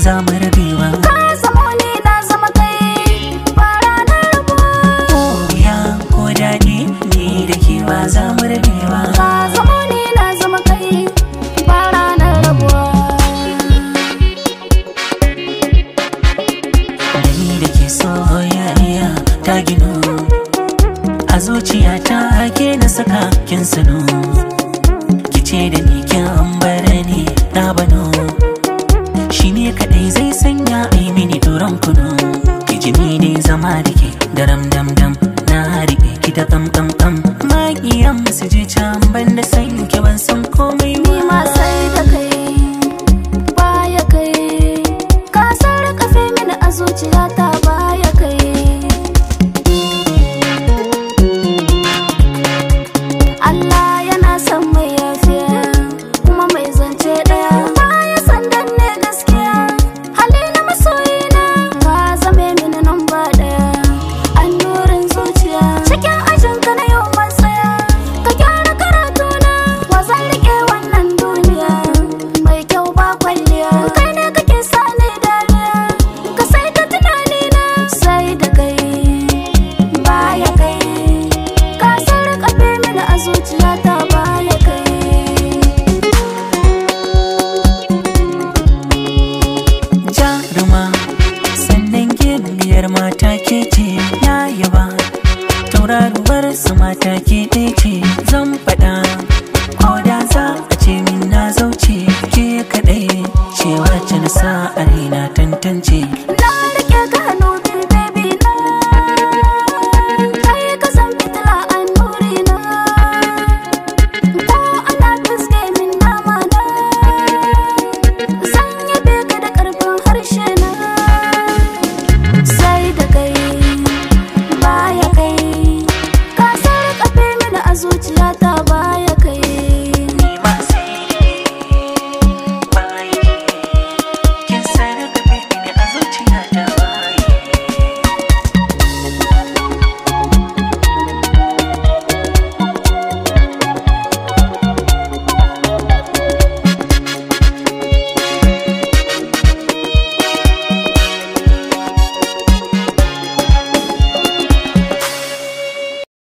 za mu rabe ba. Ka zama ne na zama kai fara na ba. Ko ya ko daɗi ni da ke ba za mu ba. ta gino a zuciya ta hake na saka kin sano kice da ni kin ambara ni na bano shi ne kadai zai sanya ai mini turan kuno kiji ni ne zama da ke daram dam dam na riƙe ki ta kam kam kam maƙiyan su je can ban da san ki ban san komai ni ma sai da kai baya kai ka fi mini a zuciya ta mata ke ce na yaba tauraruwar su mata ke ɗai ce zan faɗa ko da za a ce min na zauce ke kaɗai cewa can sa na tantance